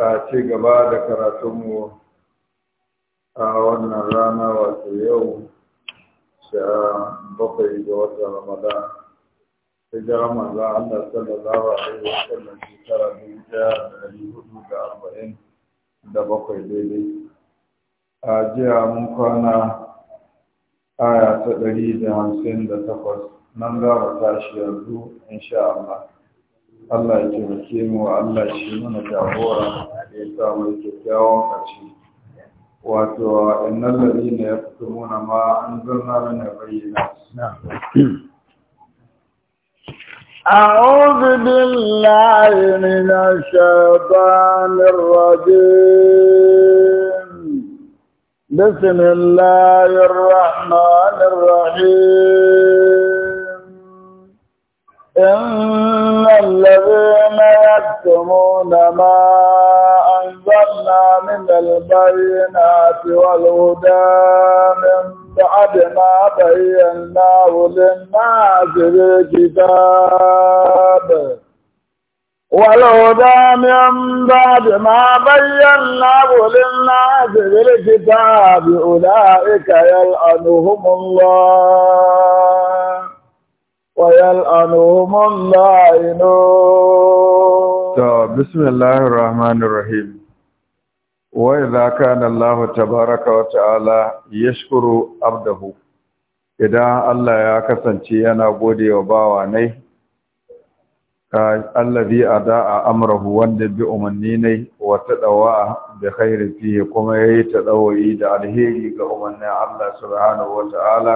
a ci gaba da karatunmu a wannan rana wato yau sha bakwai ga watan ramadan hijira manzo Allah sallallahu alaihi wa sallam shekara biyu da ɗari hudu da arba'in da bakwai daidai a jiya mun kwana aya ta ɗari da hamsin da takwas nan za mu tashi yanzu insha Allah Allah ya taimake mu Allah shi mana jagora ya sa mai kyakkyawan ƙarshe wato innal ladina yaktumuna ma anzalna min bayyinat أعوذ بالله من الشيطان الرجيم بسم الله الرحمن الرحيم إن الذين يكتمون ما أنزلنا من البينات والهدى من بعد ما بيناه للناس بالكتاب والهدى من بعد ما بيناه للناس بالكتاب أولئك يلعنهم الله ويلعنهم الله بسم الله الرحمن الرحيم wa idza kana Allah tabaaraka wa ta'ala yashkuru abdahu idan Allah ya kasance yana gode wa bawa ne allazi adaa amrahu wanda bi umanni ne wa tadawa bi khairi fihi kuma yayi tadawi da alheri ga umanni Allah subhanahu wa ta'ala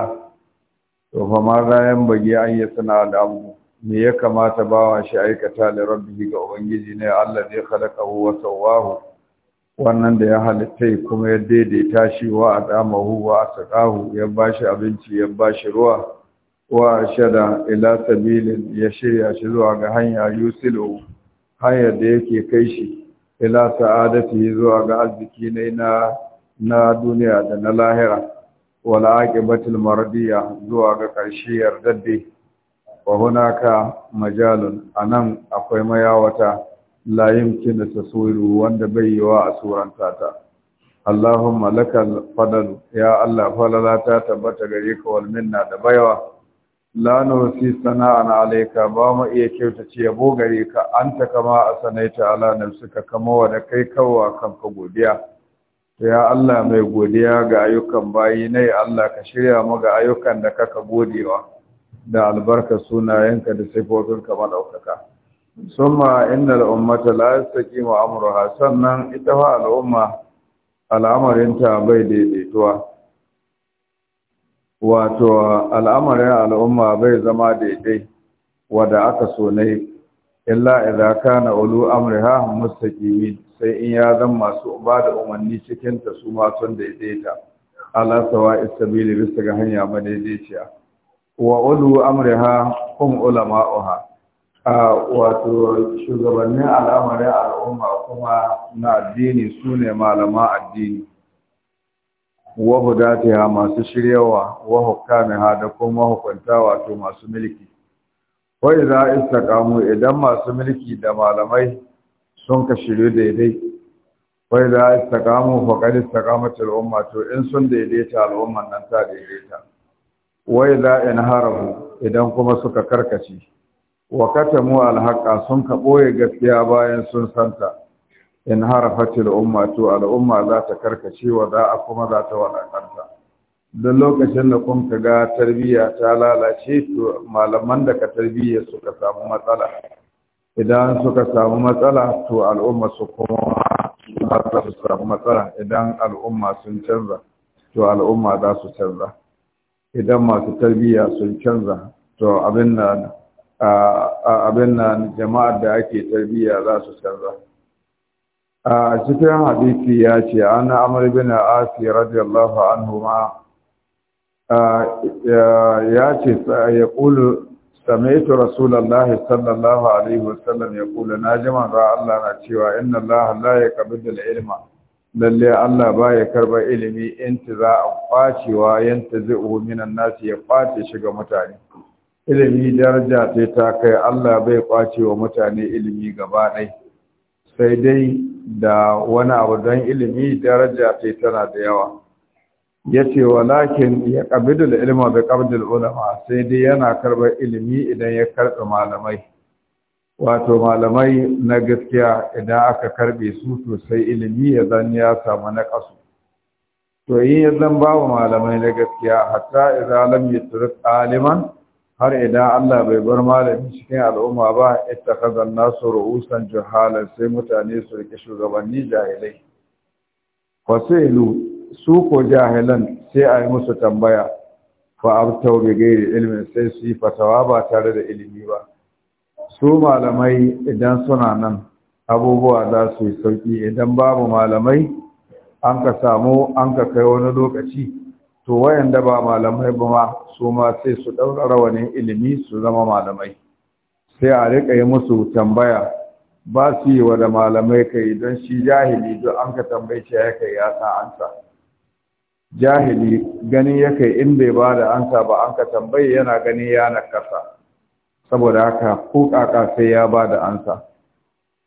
to fa ma zayan bagi an yi sana da me ya kamata bawa shi aikata da rabbi ga ubangiji ne Allah zai khalaqahu wa sawwahu wannan da ya halitta kuma ya daidaita shi wa huwa a asqahu ya ba shi abinci ya ba shi ruwa wa shada ila sabilin ya shirya shi zuwa ga hanya yusilu hanyar da yake kai shi ila sa'adati zuwa ga arziki ne na na duniya da na lahira wala aqibatul Maradiya zuwa ga ƙarshe yardadde wa hunaka majalun anan akwai mayawata la yumkinu taswiru wanda bai yiwa a suranta ta Allahumma lakal fadl ya Allah falala ta tabbata gare ka wal minna da baiwa la nusi sana'an alayka ba mu iya kyautace yabo gare ka anta kama asanaita ala nafsika kama wa da kai kawwa kanka godiya ya Allah mai godiya ga ayyukan bayi ne Allah ka shirya mu ga ayyukan da kaka godewa da albarka sunayenka da sifofinka madaukaka summa innal ummata la yastaqimu amruha sannan ita fa al'umma ta bai daidaituwa wato al'amarin al'umma bai zama daidai wanda aka so ne illa idza kana ulu amriha mustaqimin sai in ya zan masu ba da umarni cikin ta su ma sun daidaita ala sawa istabili bisa ga hanya madaidaiciya wa ulu amriha hum ulama'uha wato shugabannin al'amarin al'umma kuma na addini su ne malama addini wa hudatiha masu shiryawa wa hukamiha da kuma hukunta wato masu mulki wa idza istaqamu idan masu mulki da malamai sun ka shirye daidai wa idza istaqamu faqad istaqamat al al'umma to in sun daidaita al'umman nan ta daidaita wa idza inharafu idan kuma suka karkace wa katamu alhaqa sun ka boye gaskiya bayan sun santa in harafatil umma to al'umma za ta karkace wa za a kuma za ta kanta. don lokacin da kun ka ga tarbiyya ta lalace to malaman da ka tarbiyya suka samu matsala idan suka samu matsala to al'umma su kuma za su samu matsala idan al'umma sun canza to al'umma za su canza idan masu tarbiyya sun canza to abin da abin nan jama'ar da ake tarbiyya za su canza a cikin hadisi ya ce Ana amr bin asi radiyallahu anhu ma ya ce ya ƙulu, kulu سمعت رسول الله صلى الله عليه وسلم يقول ناجما را Allah na cewa inna Allah Allah ya kabi da ilma lalle Allah ba ya karba ilimi in intiza an kwacewa yantazi'u minan nasi ya kwace shiga mutane ilimi daraja ce ta kai Allah bai kwace wa mutane ilimi gaba ɗai sai dai da wani abu don ilimi daraja ce tana da yawa ya ce walakin ya ƙabidul ilma bai ƙabidul ulama sai dai yana karɓar ilimi idan ya karɓi malamai wato malamai na gaskiya idan aka karɓe su to ilimi ya zan ya samu na ƙasu to yin ya zan babu malamai na gaskiya hatta idan lam yusrif aliman har idan Allah bai bar malami cikin al'umma ba ita kazan nasu ru'usan jahala sai mutane su rike shugabanni jahilai fasailu su ko jahilan sai a yi musu tambaya fa abtau bi gairi ilimin, sai su yi fatawa ba tare da ilimi ba su malamai idan suna nan abubuwa za su yi sauki idan babu malamai an ka samu an ka kai wani lokaci to wayanda ba malamai ba ma su ma sai su ɗaura rawanin ilimi su zama malamai sai a rika yi musu tambaya ba su yi wa da malamai kai don shi jahili don an ka tambaye shi ya kai ya sa ansa jahili gani ya kai in bai ba da ansa ba an ka tambaye yana gani ya nakasa saboda haka ko kaka sai ya ba da ansa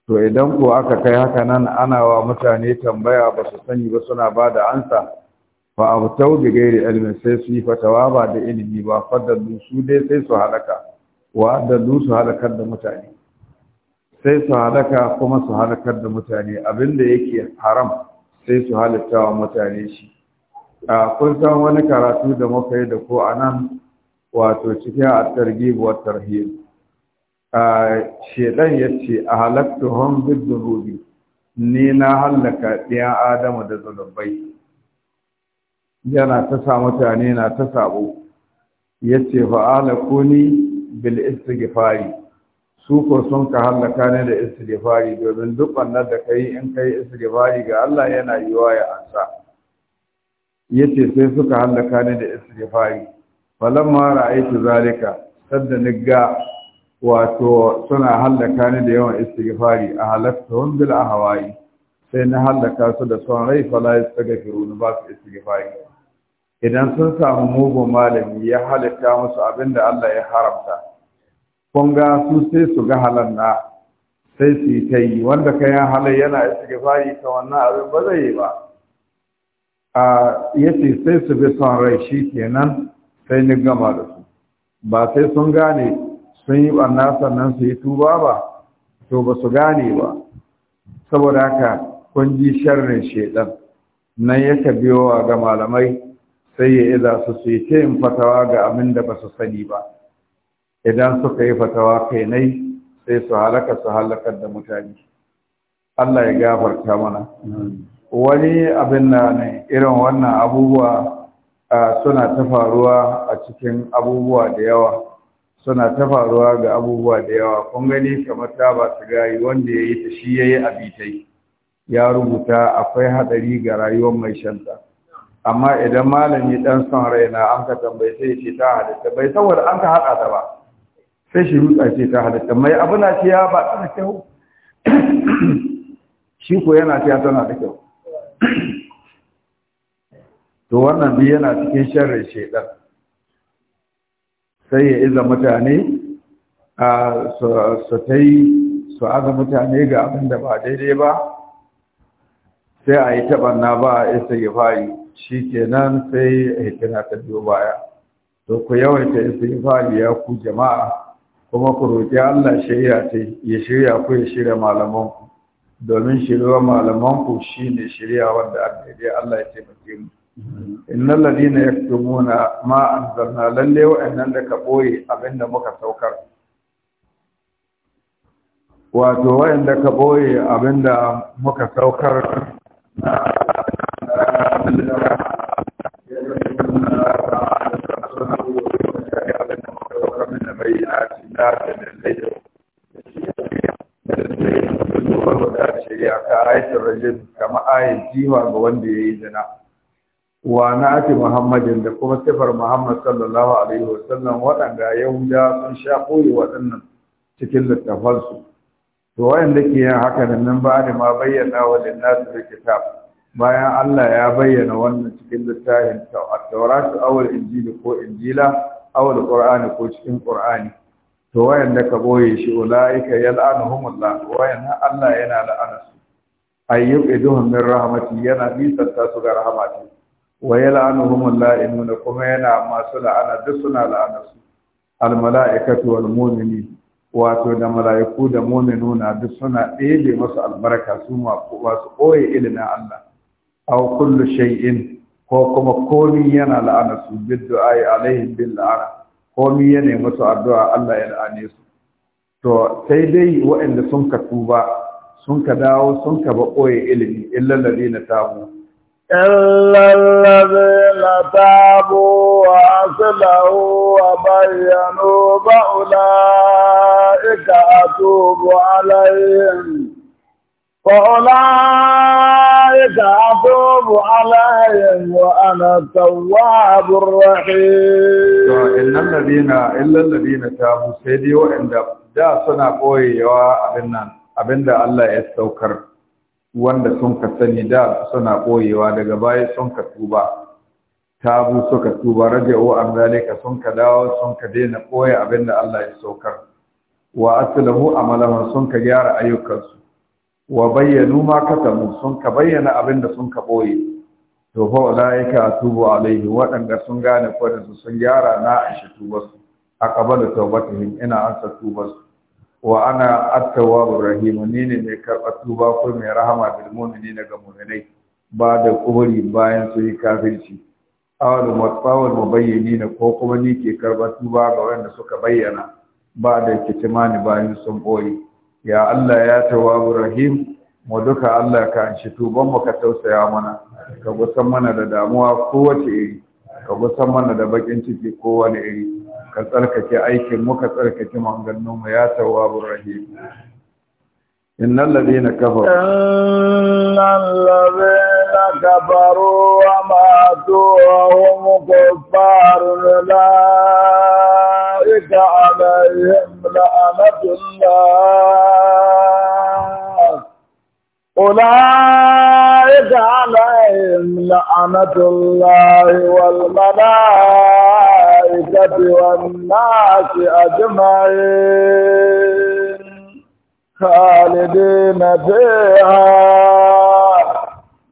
to idan ko aka kai haka nan ana wa mutane tambaya ba su sani ba suna ba da ansa fa abtau bi ghairi ilmin sai su yi fatawa ba da ilimi ba faddalu su dai sai su halaka wa addalu su halakar da mutane sai su halaka kuma su halakar da mutane abinda yake haram sai su halitta wa mutane shi a kun san wani karatu da muka yi da ko anan wato cikin at-targhib wa tarhib a shedan yace ahalaktuhum bid-dhunubi ni na halaka ɗiyan adamu da zunubai yana ta sa mutane na ta sabo yace fa kuni bil istighfari su ko sun ka halaka ne da istighfari domin duk wannan da kai in kai istighfari ga Allah yana yiwa ya ansa yace sai suka halaka ne da istighfari falamma ra'aytu zalika sadda nigga wato suna hallaka ni da yawan istighfari a halattahum bil ahwai sai na hallaka su da son rai fala yastaghfiruna ba su istighfari idan sun samu mugun malami ya halitta musu abin da Allah ya haramta kun ga su sai su ga halan na sai su yi ta yi wanda kayan ya halar yana istighfari ta wannan abin ba zai yi ba a yace sai su bi son rai shi kenan sai ni gama da su ba sai sun gane sun yi ɓanna sannan su yi tuba ba to ba su gane ba saboda haka kun ji sharrin shaidan nan yake biyowa ga malamai sai ya iza su su yi ta yin fatawa ga abin da ba su sani ba idan suka yi fatawa kai nai sai su halaka su halakar da mutane Allah ya gafarta mana wani abin na ne irin wannan abubuwa suna ta faruwa a cikin abubuwa da yawa suna ta faruwa ga abubuwa da yawa kun gani kamar ta ba su gayi wanda ya yi ta shi ya yi abitai ya rubuta akwai haɗari ga rayuwar mai shanta amma idan malami dan son raina an ka tambaye sai ce ta halitta bai saboda an ka haɗa ta ba sai shi rutsa ce ta halitta mai abu na ce ya ba tana kyau shi ko yana ce ya tana da kyau to wannan biyu yana cikin sharrin shaidan sai ya iza mutane a su ta yi su aza mutane ga abin da ba daidai ba sai a yi na ba a isa ya fayi shi kenan sai hikima ta biyo baya to ku yawaita istighfari ya ku jama'a kuma ku roƙi Allah shirya ta ya shirya ku ya shirya malamanku domin shirya malamanku shine shirya wanda addini Allah ya taimake mu innal ladina yaktumuna ma anzalna lalle wa'annan da ka boye da muka saukar wato wa'anda ka boye da muka saukar jiwa ake muhammadin da kuma sifar muhammad sallallahu alaihi wasallam waɗanda yahuda sun sha koyi waɗannan cikin littafansu to wayan da ke yin haka nan ba da ma bayyana wa linnasu da kitab bayan Allah ya bayyana wannan cikin littafin Taurat awal Injili ko Injila awal Qur'ani ko cikin Qur'ani to da ka boye shi ulaika yal'anuhumullah wayan Allah yana la'ana su ayyub iduhum min rahmati yana bisanta su ga rahmati wa yal'anuhumullah inna kuma yana masu la'ana duk suna la'ana su al mala'ikatu wal mu'minin wato da mala'iku da mu'minuna duk suna ɗebe masu albarka su ma ba su ɓoye ilimin Allah aw kullu shay'in ko kuma komi yana la'ana su bid du'a alaihim bil la'ana komi ya nemi addu'a Allah ya la'ane su to sai dai waɗanda sun ka tuba sun ka dawo sun ka ba ɓoye ilimi illal ladina tabu illal ladina tabu wa aslahu wa bayyanu ba ulaika atubu alaihim فأولئك أتوب عليهم وأنا التواب الرحيم إلا الذين إلا الذين تابوا سيدي وإن da suna ɓoyewa abin da Allah ya saukar wanda sun ka sani da suna ɓoyewa daga baya sun ka tuba tabu suka tuba raja'u an zalika sun ka dawo sun ka daina ɓoye abin da Allah ya saukar wa aslamu amalahum sun ka gyara ayyukansu wa bayyanu ma katamu sun ka bayyana abin da sun ka boye to fa ulaika tubu alaihi waɗanda sun gane ko su sun gyara na a shi su aqbalu tawbatihim ina ansa tubas. su wa ana at-tawwabur rahim ni ne mai tuba ko mai rahama bil ne ga mu'minai ba da kuburi bayan su yi kafirci awal matsawar mabayyani na ko kuma ni ke karɓar tuba ga wanda suka bayyana ba da kitimani bayan sun ɓoye ya Allah ya tawabu rahim mu duka Allah ka anshi tuban mu ka tausaya mana ka gusan mana da damuwa kowace iri ka gusan mana da bakin ciki kowane iri ka tsarkake aikin mu ka tsarkake manganno mu ya tawabu rahim إن الذين كفروا إن الذين كفروا وماتوا وهم كفار أولئك عليهم أمد الله أولئك عليهم لعنة الله والملائكة والناس أجمعين خالدين فيها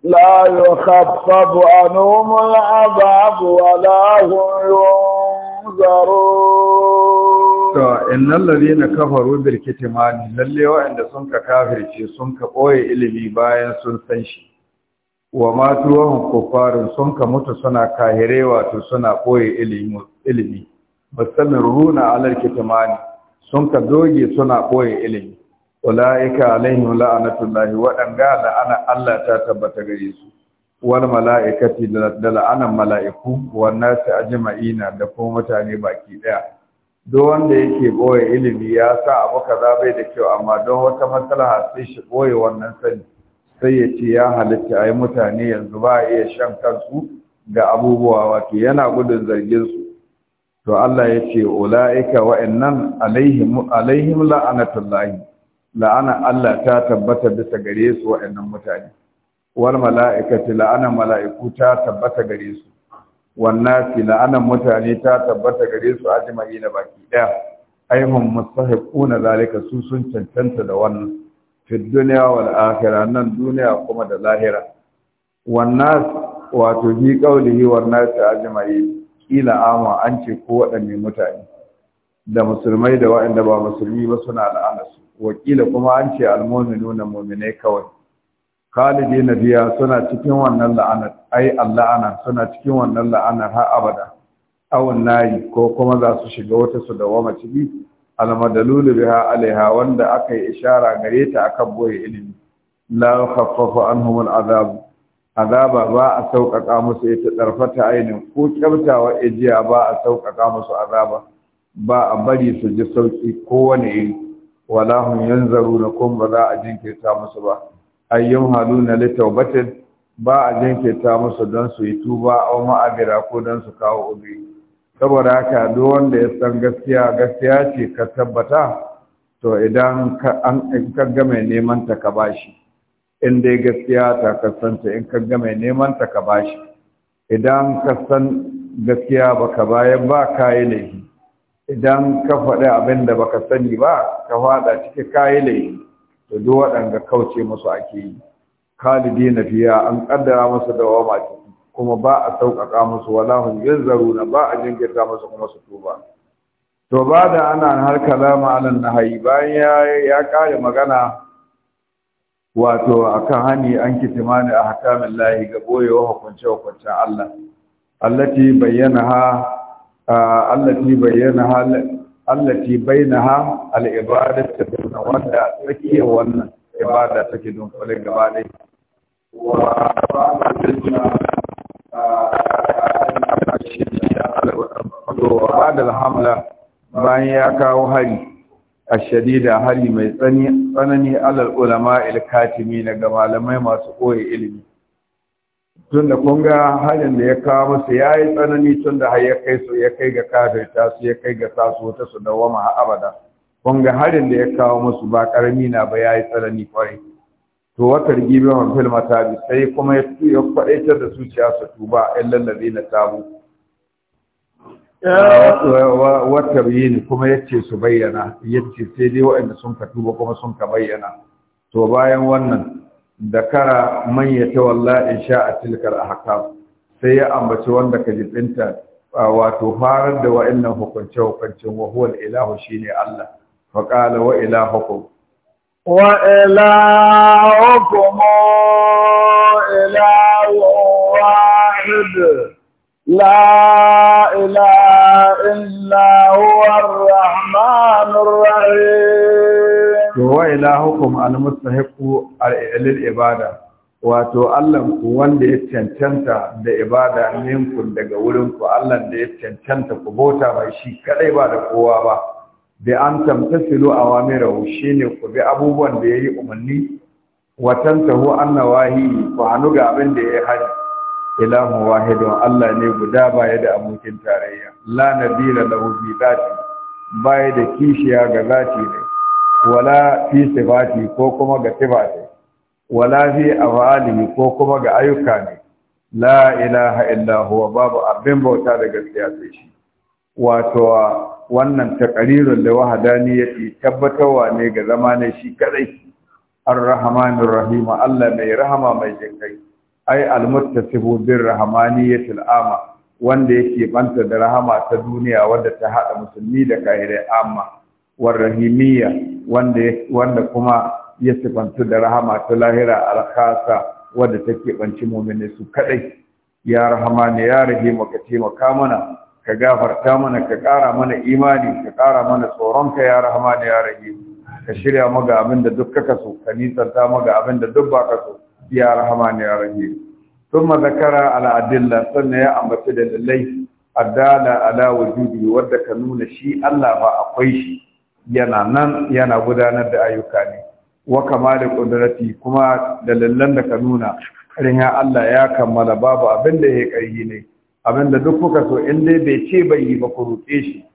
لا يخفف عنهم العذاب ولا هم ينذرون na innal ladina kafaru ma kitmani lalle wa'anda sun ka kafirce sun ka ɓoye ilimi bayan sun san shi wa matu wa kofarin sun ka mutu suna kahire wato suna ɓoye ilimi musamman ilimi bastamiruna ma kitmani sun ka doge suna ɓoye ilimi ulaika alaihim la'natullahi waɗanga la'ana Allah ta tabbata gare su wal mala'ikati da la'anan mala'iku wannan nasi ajma'ina da kuma mutane baki ɗaya. duk wanda yake boye ilimi ya sa abu kaza bai da kyau amma don wata matsala sai shi boye wannan sani sai ya ce ya halitta ai mutane yanzu ba iya shan kansu da abubuwa wato yana gudun zargin su to Allah ya ce ula'ika innan alaihim alaihim la'anatullahi la'ana Allah ta tabbata bisa gare su wa'annan mutane wal mala'ikati la'ana mala'iku ta tabbata gare su wannan la'anan mutane ta tabbata gare su jimai na baki ɗaya. daya aihum na zalika su sun cancanta da wannan fi duniya wal akhirah nan duniya kuma da lahira wannan wato bi qaulihi wannan ajma'i kila ama an ce ko wadanne mutane da musulmai da waɗanda ba musulmi ba suna la'ana su wakila kuma an ce almominu na mominai kawai khalidi biya suna cikin wannan la'anar ai la'ana suna cikin wannan la'anar har abada awon nayi ko kuma za su shiga wata su da wama ciki almadalulu biha alaiha wanda aka yi ishara gare ta akan boye ilimi la khaffafa anhum al'azab azaba ba a sauƙaƙa musu ita ɗarfata ainin ko kyautawan ijiya ba a sauƙaƙa musu azaba ba a bari su ji sauƙi kowane iri wala hum yanzaruna kun ba za a jinkirta musu ba ayyun haluna tawbatin ba a ta musu don su yi tuba au ma'abira ko don su kawo ubi saboda haka duk wanda ya san gaskiya gaskiya ce ka tabbata to idan ka ga mai neman ta ka bashi in dai gaskiya ta ta in ka ga mai neman ta ka bashi idan ka san gaskiya baka bayan ba kai laifi idan ka faɗi abin da baka sani ba ka faɗa cikin kayi laifi da duk waɗanda kauce musu ake yi kalibi na fiya an kaddara musu dawama ciki kuma ba a sauƙaƙa musu wala hum na ba a jinkirta musu kuma su tuba to ba da ana har kalama anan nahayi bayan ya ya kare magana wato akan hani an kitimani a hakamin layi ga boyewa hukunce hukuncen Allah allati ha allati ha allati bainaha al-ibadatu wanda take wannan ibada take don kule gaba dai wa ba'da al-hamla bayan ya kawo hari ashadida hari mai tsanani alal ulama il-katimi daga malamai masu koyi ilimi tun da kun ga da ya kawo masa ya yi tsanani tun da ya kai su ya kai ga kafirta su ya kai ga tasu wata su dawama a abada kun ga halin da ya kawo masu ba karami na ba ya yi tsanani kwarai to wata rigibe wa fil matabi sai kuma ya ya kwadaitar da zuciya su tuba illal na tabu wata ne kuma ya ce su bayyana ya ce sai dai waɗanda sun ka tuba kuma sun ka bayyana to bayan wannan Da dakara man yatawalla insha'a tilkar ahkam sai ya ambaci wanda ka jibinta wato farar da wa'annan hukunce hukuncin wa huwa ilahu shine Allah fa qala wa ilahukum wa ilahukum ilahu wahid la ilaha illa huwa ar-rahmanur ilahukum almustahiqu lil ibada wato allah ku wanda ya cancanta da ibada ku daga wurin ku allah da ya cancanta ku bauta mai shi kadai ba da kowa ba bi an tamtasilu awamirahu shine ku bi abubuwan da yayi umarni wa tantahu annawahi ku hanu ga abin da yayi hari ilahu wahidun Allah ne guda baya da abokin tarayya la nabila lahu bi dati baya da kishiya ga zati ne wala fi sifati ko kuma ga sifati wala fi afali ko kuma ga ayyuka ne la ilaha illa huwa babu abin bauta da gaskiya sai shi wato wannan taqrirun da wahdaniyati tabbatarwa ne ga zama ne shi kadai arrahmanur rahim Allah mai rahama mai jinkai ai almuttasibu bir rahmaniyatil ama wanda yake banta da rahama ta duniya wadda ta hada musulmi da kahirai amma warrahimiyya wanda kuma ya sifantu da rahama ta lahira alkhasa wadda take banci mu'mini su kadai ya rahamani ya rahimu ka taimaka mana ka gafarta mana ka kara mana imani ka kara mana tsoronka ya rahamani ya rahimu ka shirya ga abin da duk kaka so ka nisanta maga abin da duk baka so ya rahamani ya rahimu thumma zakara ala adilla sannan ya ambaci da lallai adala ala wujudi wadda ka nuna shi Allah ba akwai shi yana nan yana gudanar da ayyuka ne wa da kudurati kuma dalilan da ka nuna ya Allah ya kammala babu abin da ya kai ne abin da duk kuka so in dai bai ce bai yi ba ku roƙe shi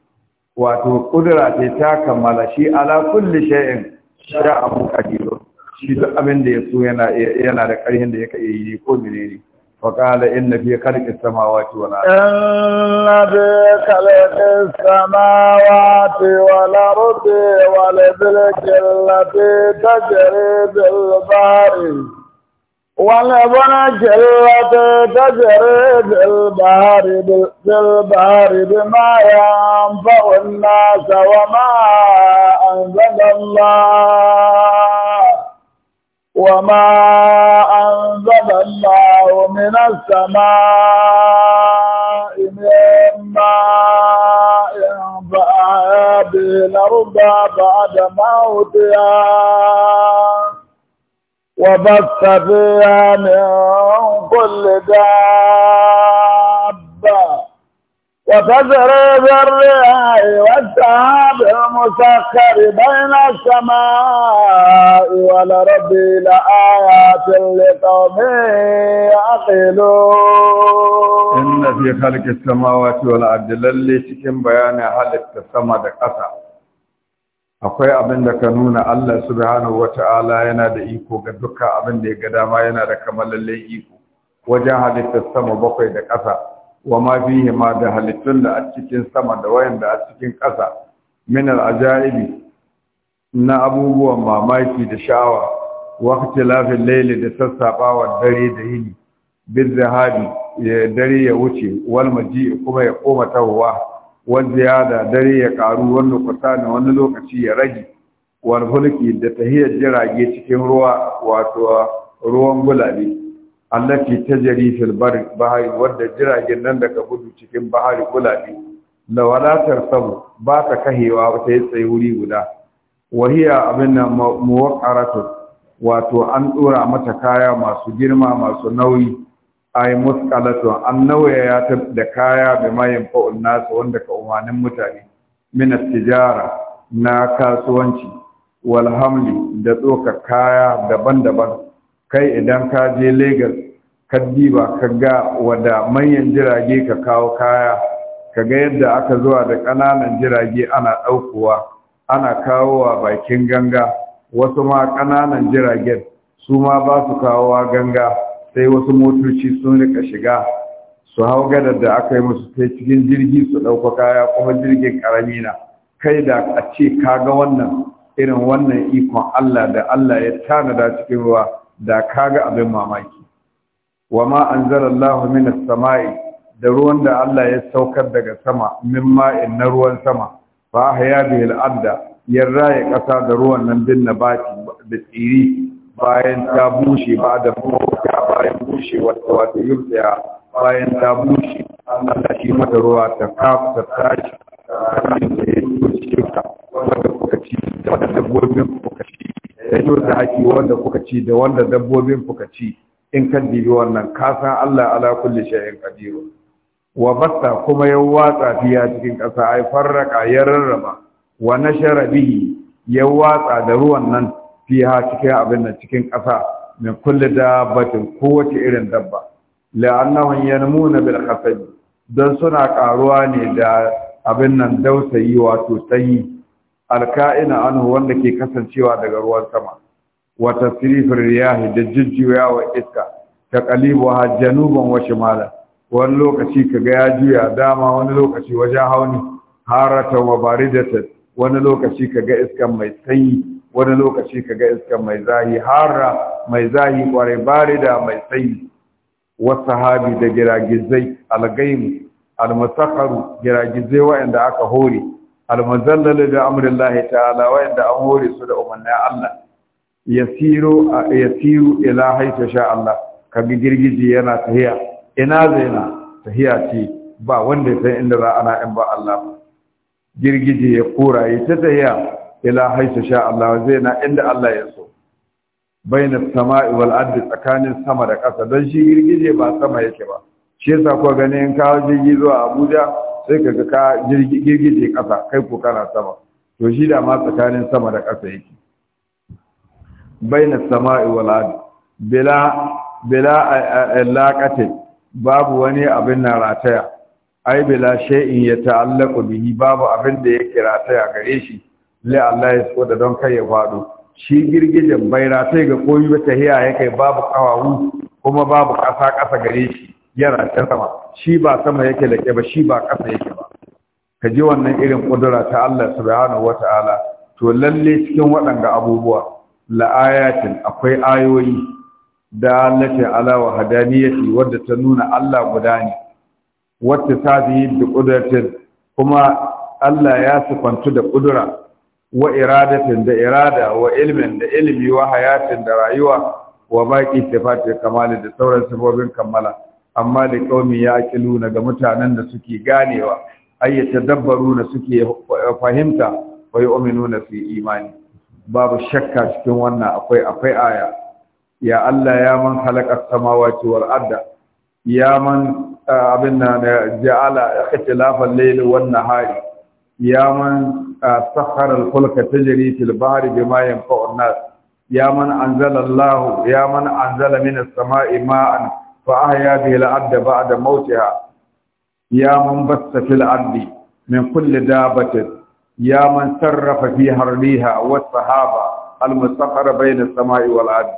wato kudura ce ta kammala shi ala kulli shay'in sha'a kadiro shi duk abin da ya so yana yana da ƙarfin da yake yi ko menene فقال إن في خلق السماوات والأرض إن في خلق السماوات والأرض ولذلك التي تجري بالبحر ولذلك التي تجري بالبحر بالبحر بما ينفع الناس وما أنزل الله وما أنزل الله من السماء من ماء فأحيا به الأرض بعد موتها وبث فيها من كل دابة وتذر ذرعي والسعاب المسخر بين السماء والأرض لآيات لقوم يعقلون إن في خلق السماوات والأرض للي cikin bayanin halitta sama da ƙasa akwai abin da ka nuna Allah subhanahu ta'ala yana da iko ga duka abin da ya ga dama yana da kamalallen iko wajen halittar sama bakwai da ƙasa wa ma fihi ma da halittun da a cikin sama da wayan da a cikin ƙasa min al'ajaibi na abubuwan mamaki da sha'awa wakati lafin laili da sassafawa dare da yini bin zahabi ya dare ya wuce wal maji kuma ya koma tahowa wal ziyada dare ya karu wanda kusa na wani lokaci ya rage wal hulki da tahiyar jirage cikin ruwa wato ruwan gulabe allati tajri fil Bahari wadda jiragen nan daga gudu cikin bahari kulabi la wala tarsab ba ta kahewa ta yi tsaye wuri guda wahiya abin nan muwaqqaratu wato an dora mata kaya masu girma masu nauyi ay musqalatu an nawaya ta da kaya bi mayin fa'ul nas wanda ka umanin mutane min tijara na kasuwanci wal da tsokar kaya daban-daban kai idan ka je Legas ka diba ka ga wada manyan jirage ka kawo kaya ka ga yadda aka zuwa da ƙananan jirage ana ɗaukowa ana kawowa bakin ganga wasu ma ƙananan jiragen su ma ba su kawowa ganga sai wasu motoci sun rika shiga su hau gadar da aka yi musu sai cikin jirgi su ɗauka kaya kuma jirgin ƙarami na kai da a ce ka ga wannan irin wannan ikon Allah da Allah ya tanada cikin ruwa da kaga abin mamaki wa ma anzalallahu minas sama'i da ruwan da Allah ya saukar daga sama min ma'in na ruwan sama fa haya bihi al'adda yarra ya kasa da ruwan nan bin nabati da tsiri bayan ta bushe ba da mawuka bayan bushe wata wata yurtsiya bayan ta bushe Allah shi mata ruwa ta kaf ta tashi ta cikin ta wanda kuka ci da wanda dabbobin kuka fito da haki wanda kuka ci da wanda dabbobin kuka ci in kan jibi wannan ka san Allah ala kulli shay'in qadir wa batta kuma ya watsa fiya cikin ƙasa ai farraka ya rarraba wa nashara bihi ya watsa da ruwan nan fiha cikin abin nan cikin ƙasa min kulli dabbatin kowace irin dabba la'annahum yanmuna bil khasab dan suna karuwa ne da abin nan dausayi wato tsayi alka'ina anhu wanda ke kasancewa daga ruwan sama wa tasrifir riyahi da jujjuyawa iska ta qalibu ha januban wa shimala wani lokaci kaga ya juya dama wani lokaci wajen hauni harata wa baridatan wani lokaci kaga iskan mai sanyi wani lokaci kaga iskan mai zahi harra mai zahi kware barida mai sanyi wa sahabi da giragizai algaimu almasakaru giragizai waɗanda aka hore almuzallalu bi amrillahi ta'ala wa an amuri su da umarnin Allah yasiru yasiru ila haita sha Allah kaga girgiji yana tahiya ina zaina tahiya ce ba wanda san inda za ana in ba Allah girgiji girgije ya kura ya ta tahiya ila haita sha Allah zaina inda Allah ya so baina sama'i wal ardi tsakanin sama da ƙasa don shi girgije ba sama yake ba shi yasa ko ganin ka jirgi zuwa Abuja sai ka ga ka girgije kasa kai ko kana sama to shi da ma tsakanin sama da kasa yake baina sama'i wal ard bila bila alaqati babu wani abin na rataya ai bila shay'in ya ta'allaqu bihi babu abin da yake rataya gare shi la Allah ya so da don kai ya fado shi girgijen bai ratai ga koyi ba tahiya yake babu kawawu kuma babu kasa ƙasa gare shi yara ta sama shi ba sama yake lake ba shi ba ƙasa yake ba ka ji wannan irin ƙudura ta Allah subhanahu wata'ala to lalle cikin waɗanda abubuwa ayatin akwai ayoyi da lati ala wa hadaniyati wadda ta nuna Allah guda ne wata ta bi ƙudratin kuma Allah ya sifantu da ƙudura wa iradatin da irada wa ilmin da ilimi wa hayatin da rayuwa wa baƙi sifatin kamali da sauran sifofin kammala amma da qaumi yaqiluna ga mutanen da suke ganewa ayyata na suke fahimta wa na fi imani babu shakka cikin wannan akwai akwai aya ya Allah ya man halaka samawati wal arda ya man abinna ja'ala ikhtilafal layl wan nahari ya man sakhara al fulka tajri fil bahri bima yanfa'u an-nas ya man anzala Allah ya man anzala minas sama'i ma'an فأحيا به الأرض بعد موتها يا من بث في الأرض من كل دابة يا من سرف في هرليها والصحابة المستقر بين السماء والأرض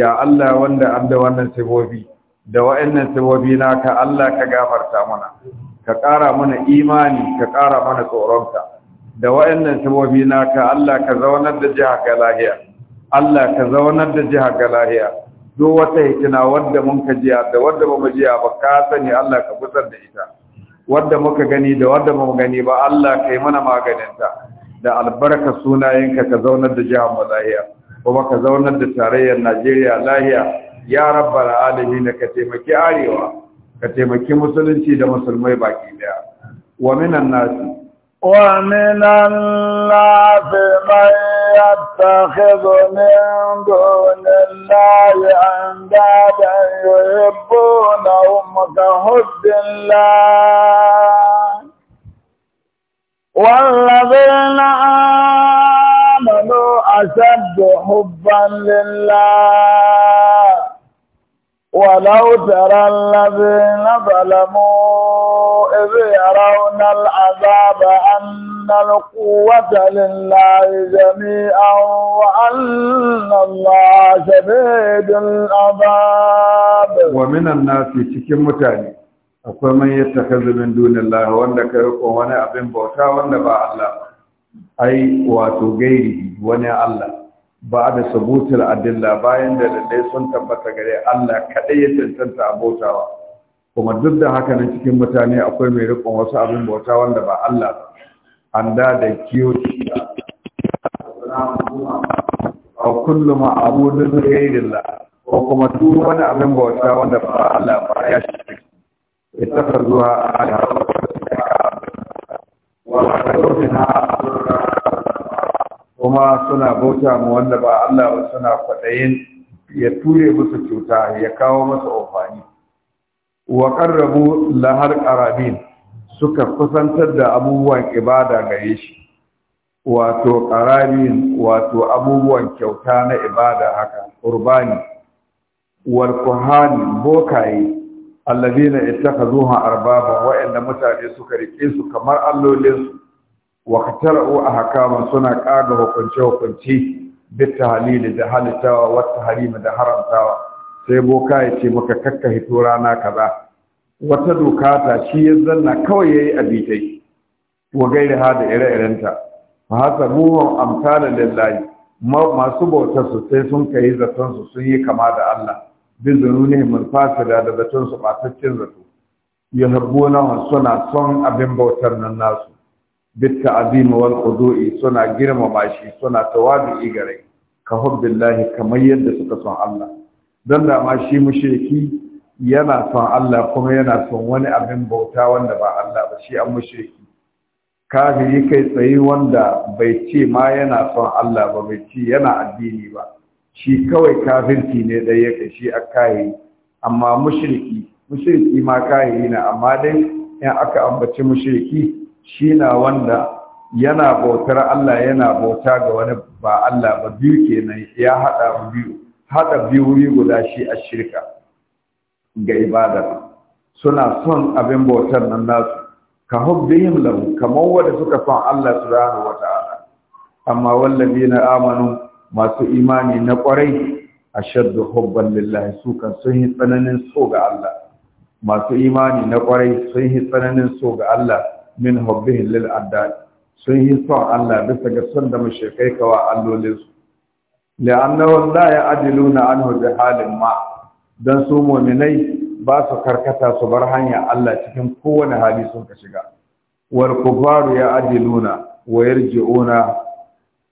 يا الله وند أبد وند سبوبي da wa'annan sababi naka Allah ka gafarta mana ka ƙara mana imani ka ƙara mana tsoronka da wa'annan sababi naka Allah ka zaunar da jiha ga lahiya Allah ka zaunar da jiha ga lahiya duk wata hikina wadda mun ka jiya da wadda ba mu jiya ba ka sani Allah ka gusar da ita Wadda muka gani da wadda ba mu gani ba Allah kai mana maganinta da albarka sunayenka ka zaunar da jihar mu lahiya kuma ka zaunar da tarayyar Najeriya lahiya ya rabbal alamin ka taimaki arewa ka taimaki musulunci da musulmai baki daya wa minan nasi ومن الناس من يتخذ من دون الله أندادا يحبونهم كحب الله والذين آمنوا أشد حبا لله ولو ترى الذين ظلموا إذ يرون العذاب أن القوة لله جميعا وأن الله شديد العذاب ومن الناس cikin mutane akwai man yattakazu min dunillahi wanda ka wani abin bauta wanda ba Allah ai wato gairi wani Allah ba da sabutul adilla bayan da dai sun tabbata gare Allah kadai ya tantanta abotawa kuma duk da haka nan cikin mutane akwai mai rikon wasu abin bauta wanda ba Allah ba an da da kiyo a kullum a abudin gairilla ko kuma duk wani abin bauta wanda ba Allah ba ya shi ita ka zuwa a kuma suna bauta mu wanda ba Allah ba suna kwaɗayin ya ture musu cuta ya kawo masa amfani wa qarrabu lahar qarabin suka kusantar da abubuwan ibada gare shi wato qarabin wato abubuwan kyauta na ibada haka qurbani wal kuhani bokaye allazina ittakhazuha arbaba wa'anda mutane suka rike su kamar allolinsu wa a hakama suna kaga hukunce hukunci bitahalili da halittawa wata halima da haramtawa sai boka ya ce maka kakka hito rana kaza wata doka ta shi ya zanna kawai yayi abitai wa gairi ha da ire-irenta fa hasabuhum amsala lillahi masu bautar su sai sun kai zaton su sun yi kama da Allah bin ne mun fasa da zaton su bataccen zato yahabbuna suna son abin bautar nan nasu bitta azim wal qudu'i suna girmama shi suna tawadu'i gare ka hubbillahi kamar yadda suka son Allah don da ma shi mushriki yana son Allah kuma yana son wani abin bauta wanda ba Allah ba shi an mushriki kafiri kai tsaye wanda bai ce ma yana son Allah ba bai ce yana addini ba shi kawai kafirci ne dai ya kashi a kayi amma mushriki mushriki ma kayi na amma dai in aka ambaci mushriki shi na wanda yana bautar Allah yana bauta ga wani ba Allah ba biyu kenan ya haɗa biyu haɗa biyu guda shi a shirka ga ibada suna son abin bautar nan nasu ka hubbihim lahu kamar wanda suka san Allah subhanahu ta'ala amma na amanu masu imani na kwarai ashaddu hubban lillahi su kan sun yi tsananin so ga Allah masu imani na kwarai sun yi tsananin so ga Allah min hubbihim lil addad sun yi son Allah bisa ga son da mushrikai kawa allolinsu la'annahum ya ya'diluna anhu bi halin ma dan su mu'minai ba su karkata su bar hanya Allah cikin kowane hali sun ka shiga wal kufaru ya'diluna wa yarji'una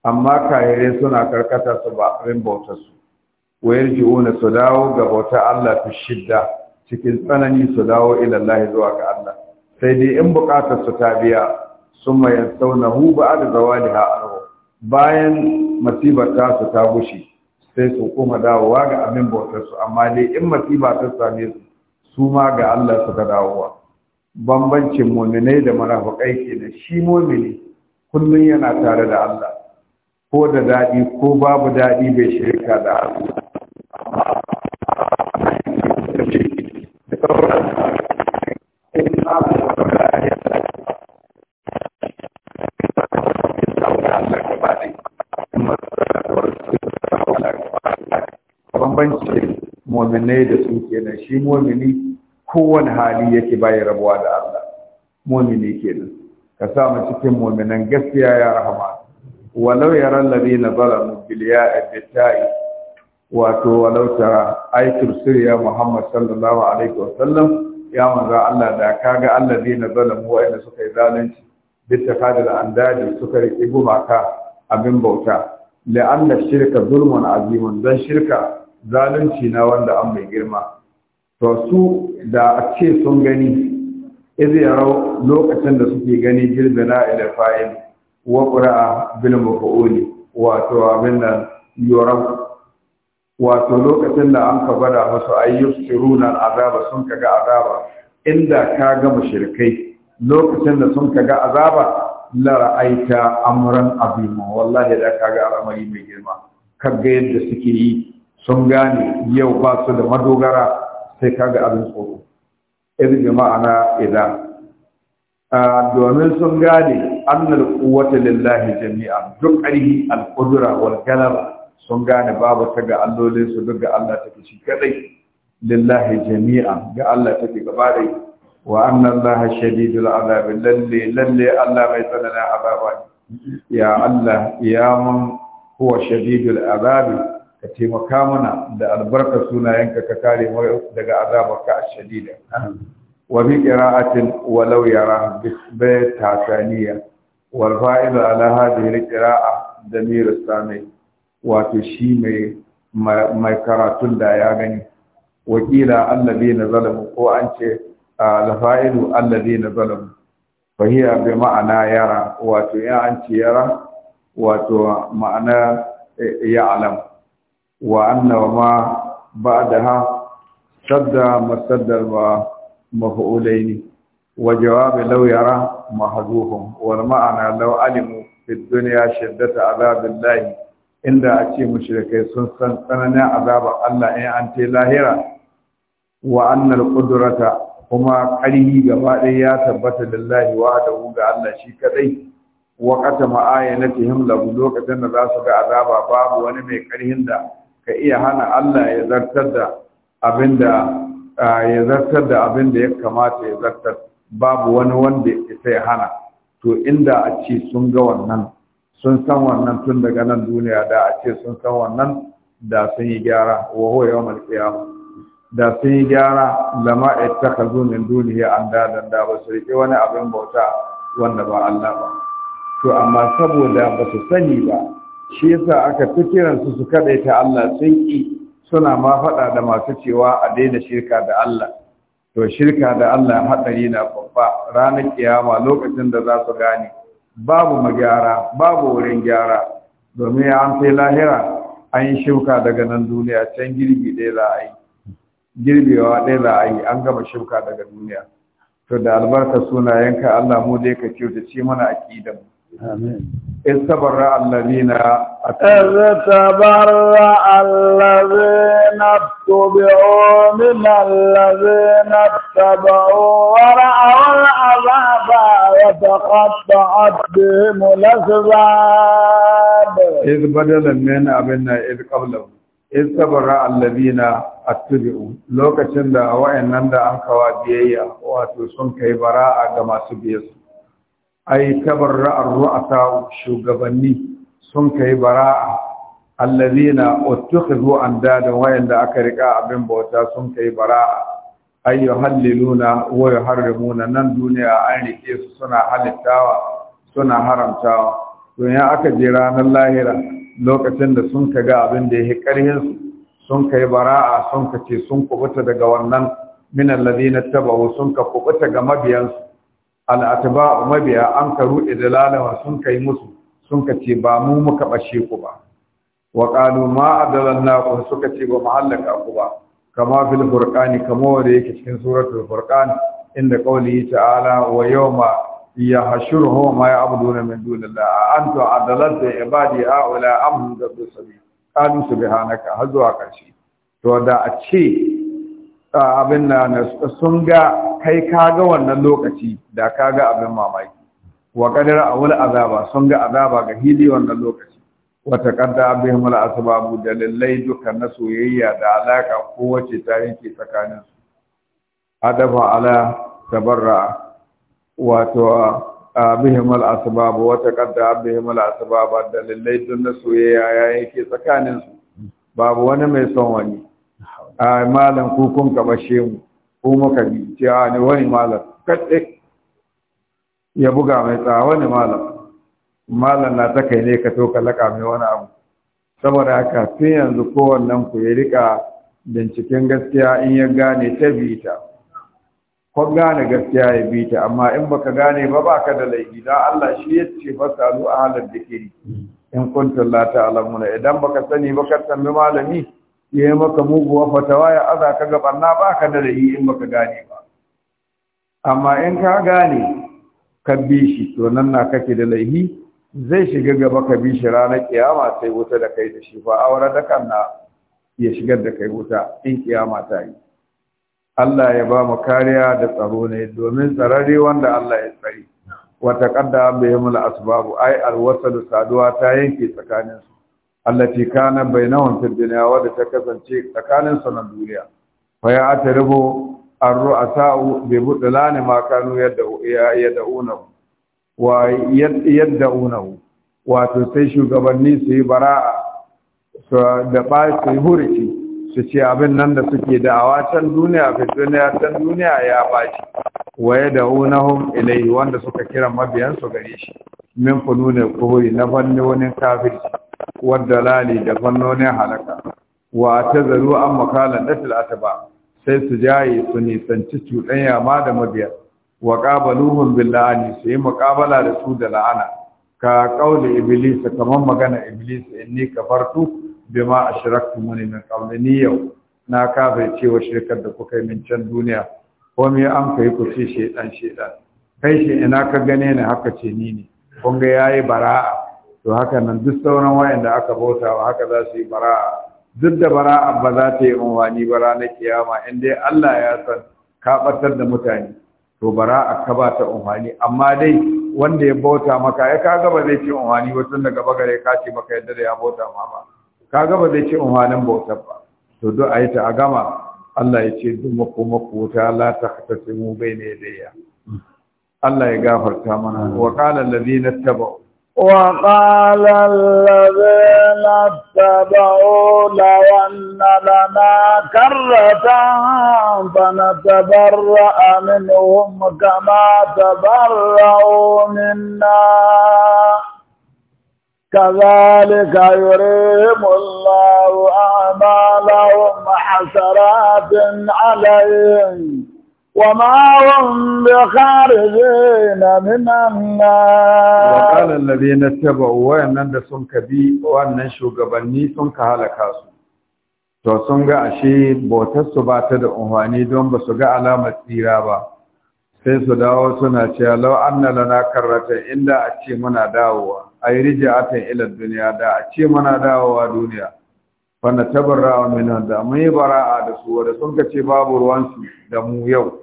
amma kayyare suna karkata su ba rin bautar su wa yarji'una su dawo ga bauta Allah fi shidda cikin tsanani su dawo ila Allah zuwa ga Allah sai dai in bukatar su ta biya summa yasawnahu ba'da zawaliha anhu bayan masibar tasu ta gushe sai su koma dawowa ga abin bautarsu amma dai in masiba ta same su su ma ga Allah su suka dawowa bambancin muminai da munafukai kenan shi mumini kullum yana tare da Allah ko da daɗi ko babu daɗi bai shirka da Allah kowane hali yake bayan rabuwa da Allah mu'mini kenan ka sa mu cikin mu'minan gaskiya ya rahama walau ran ladina zalamu bil ya'i bitai wato walau tara ayatul sirya Muhammad sallallahu alaihi wasallam ya manzo Allah da kaga alladina zalamu wa'anda suka yi zalunci bittakadil andadi suka riƙe gumaka abin bauta la'anna shirka zulmun azimun dan shirka zalunci na wanda an mai girma to su da a ce sun gani izi yaro lokacin da suke gani jirbina ila fa'il wa qura'a bil wato abin nan yorau wato lokacin da an ka bada musu ayyusiruna azaba sun kaga azaba inda ka gama mushrikai lokacin da sun kaga azaba la ra'aita amran abima wallahi da kaga al'amari mai girma kaga yadda suke yi sun gane yau ba su da madogara sai kaga abin tsoro irin jama'a na idan domin sun gane annal kuwata lillahi jami'a duk ƙarfi al wal galaba sun gane babu ta ga allolin su duk ga Allah take shi kadai lillahi jami'a ga Allah take gaba dai wa anna laha shadidul azab lalle lalle Allah mai tsananin azaba ya Allah ya mun huwa shadidul azab ka taimaka mana da albarka sunayenka ka kare mu daga azabarka shadida wa bi qira'atin walau yara bi tasaniya wa fa'il ala hadhihi al qira'a damir sami wato shi mai mai karatun da ya gani wakila alladhina zalamu ko an ce al fa'ilu alladhina zalamu fa hiya bi ma'ana yara wato ya an ce yara wato ma'ana eh, ya'lamu wa annawa ma ha. sadda masaddar ba mafa'ulaini wa jawabi law yara mahduhum wal ma'ana law alimu fi dunya shiddata azabillahi inda a ce mushrikai sun san tsananin azaba Allah in an te lahira wa annal kuma ƙarhi gaba ɗaya ya tabbata lillahi wa da ga Allah shi kaɗai wa qatama ayanatihim lahu lokacin da za su ga azaba babu wani mai ƙarhin da ka iya hana Allah ya zartar da abin da ya zartar da abin da ya kamata ya zartar babu wani wanda ya ya hana to inda a ce sun ga wannan sun san wannan tun daga nan duniya da a ce sun san wannan da sun yi gyara wa huwa yawmal qiyamah da sun yi gyara lama ittakhadhu min dunihi andadan da ba su rike wani abin bauta wanda ba Allah ba to amma saboda ba su sani ba shi yasa aka fi kiransu su kaɗaita Allah sun ƙi suna ma faɗa da masu cewa a daina shirka da Allah to shirka da Allah haɗari na babba ranar kiyama lokacin da za su gane babu magyara babu wurin gyara domin an fi lahira an yi shuka daga nan duniya can girbi ɗaya za a yi girbewa ɗaya za a yi an gama shuka daga duniya to da albarka sunayenka Allah mu dai ka kyautace mana aqidan mu Amin. Ita bara Allah ne na a ƙasar. Ita bara Allah ne na a ƙasar. Ita bara Allah ne na a ƙasar. Ita bara Allah ne na a ƙasar. Ita bara Allah ne na a ƙasar. Ita bara na a ƙasar. Ita bara Allah ne na a ƙasar. Ita bara Allah ne na a ƙasar. Ita bara Allah ne bara a ƙasar. Ita bara ai tabarra'ar ru'asa shugabanni sun kai bara'a allazina uttakhizu andada wayanda aka rika abin bauta sun kai bara'a ay yuhalliluna wa yuharrimuna nan duniya an rike su suna halittawa suna haramtawa to ya aka je ranar lahira lokacin da sun kaga abin da yake karhin su sun kai bara'a sun kace sun kubuta daga wannan min alladhina tabawu sun ka kubuta ga mabiyansu al'ataba mabiya an ka ruɗe da lalawa sun kai musu sun ka ce ba mu muka bashe ku ba wa qalu ma adalanna ku suka ce ba mahallaka ku ba kama fil furqani kama wanda yake cikin suratul furqan inda qawli ta'ala wa yawma yahshuruhum ma ya'buduna min da anta adalanta ya haula am hum su sabi qalu subhanaka har zuwa karshe to da a ce abin na sun ga kai kaga wannan lokaci da kaga abin mamaki wa kadar awul azaba sun ga azaba ga hili wannan lokaci wa taqadda bihim al da lallai duka na soyayya da alaka kowace ta yake tsakanin su adafa ala tabarra wato bihim al asbabu wa taqadda bihim al da lallai duka na soyayya ya yake tsakanin su babu wani mai son wani a malam ku kun kabashe mu ko muka bi ce ne wani malam kaɗe ya buga mai tsa wani malam malam na ta kai ne ka to ka laka mai wani abu saboda haka tun yanzu kowannen ku ya rika binciken gaskiya in ya gane ta bita ko gane gaskiya ya bita amma in baka gane ba baka da laifi dan Allah shi ya ce salu ahlal dikiri in kuntum la ta'lamuna idan baka sani baka tambi malami ya yi maka muguwa fatawa ya aza ka ga barna ba ka da rayi in baka gane ba amma in ka gane ka bi shi to nan na kake da laihi zai shiga gaba ka bi shi ranar kiyama sai wuta da kai da shi fa aure da kan na ya shigar da kai wuta in kiyama ta yi Allah ya ba mu kariya da tsaro ne domin tsararre wanda Allah ya tsari wata kadda bihimul asbabu ai da saduwa ta yanke tsakaninsu allati kana bainahum fid dunya wa da ta kasance tsakanin su na duniya fa ya ataribu ar-ru'asa'u bi budlani ma kanu yad'una wa yad'unahu wato sai shugabanni su yi bara'a su da ba su yi hurici su ce abin nan da suke da'awa can duniya fi duniya can duniya ya bashi wa yad'unahum ilai wanda suka kira mabiyansu gare shi min fununil kufri na fanni wani kafirci waddalali da fannonin halaka wa ta zaru an makalan datil ba? sai su jaye su nisanci cuɗanya ma da mabiya wa qabaluhum bi la'ani su yi muqabala da su da la'ana ka qauli iblis kamar magana iblis inni kafartu bima ashraktumuni min qabli ni yau na kafa cewa shirkar da kuka yi min can duniya ko me an kai ku ce shedan shedan kai shi ina ka gane ni haka ce ni ne kun ga yayi bara'a to haka nan duk sauran wayanda aka bauta wa haka za su yi bara'a duk da bara'a ba za ta yi unwani bara na kiyama in dai Allah ya san ka batar da mutane to bara'a ka ba ta unwani amma dai wanda ya bauta maka ya kaga ba zai ce unwani ba tun daga bagare ka ce maka yadda da ya bauta ma ba kaga ba zai ce unwanin bautar ba to duk a yi ta a gama Allah ya ce duk makomaku wuta la ta mu bai ne da ya Allah ya gafarta mana wa qala allazina tabau وقال الذين اتبعوا لو أن لنا كرة فنتبرأ منهم كما تبرأوا منا كذلك يريهم الله أعمالهم حسرات عليهم وما هم بخارجين من النار وقال الذين اتبعوا wayannan da sun bi wannan shugabanni sun ka halaka su to sun ga ashe bautar su ba ta da unhwani don ba su ga alamar tsira ba sai su dawo suna cewa law anna lana karrata inda a ce muna dawowa ay rija'atan ila duniya da a ce muna dawowa duniya wannan tabarra'a min da mun yi bara'a da su wanda sun ka ce babu da mu yau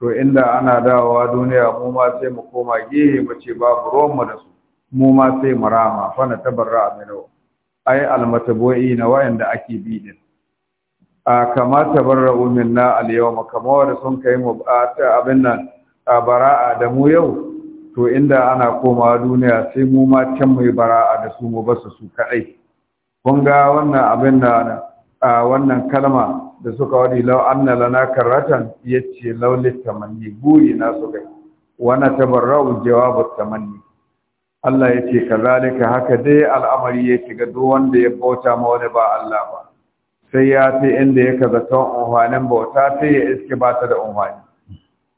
to inda ana dawowa duniya mu ma sai mu koma gehe mu ce babu ruwanmu da su mu ma sai mu rama fa na tabarra aminu ai almatabu'i na wayanda ake bi din a kama tabarra'u minna al-yawma kama wa sun kai mu abin nan bara'a da mu yau to inda ana koma duniya sai mu ma can mu yi bara'a da su mu basu su kadai kun ga wannan abin da wannan kalma da suka wadi lau anna lana karratan yace laulit tamanni buri na su kai wa na jawabu tamanni Allah yace kazalika haka dai al'amari yake ga duk wanda ya bauta ma wani ba Allah ba sai ya fi inda ya kaza ton unhwanin bauta sai ya iske ba ta da umhani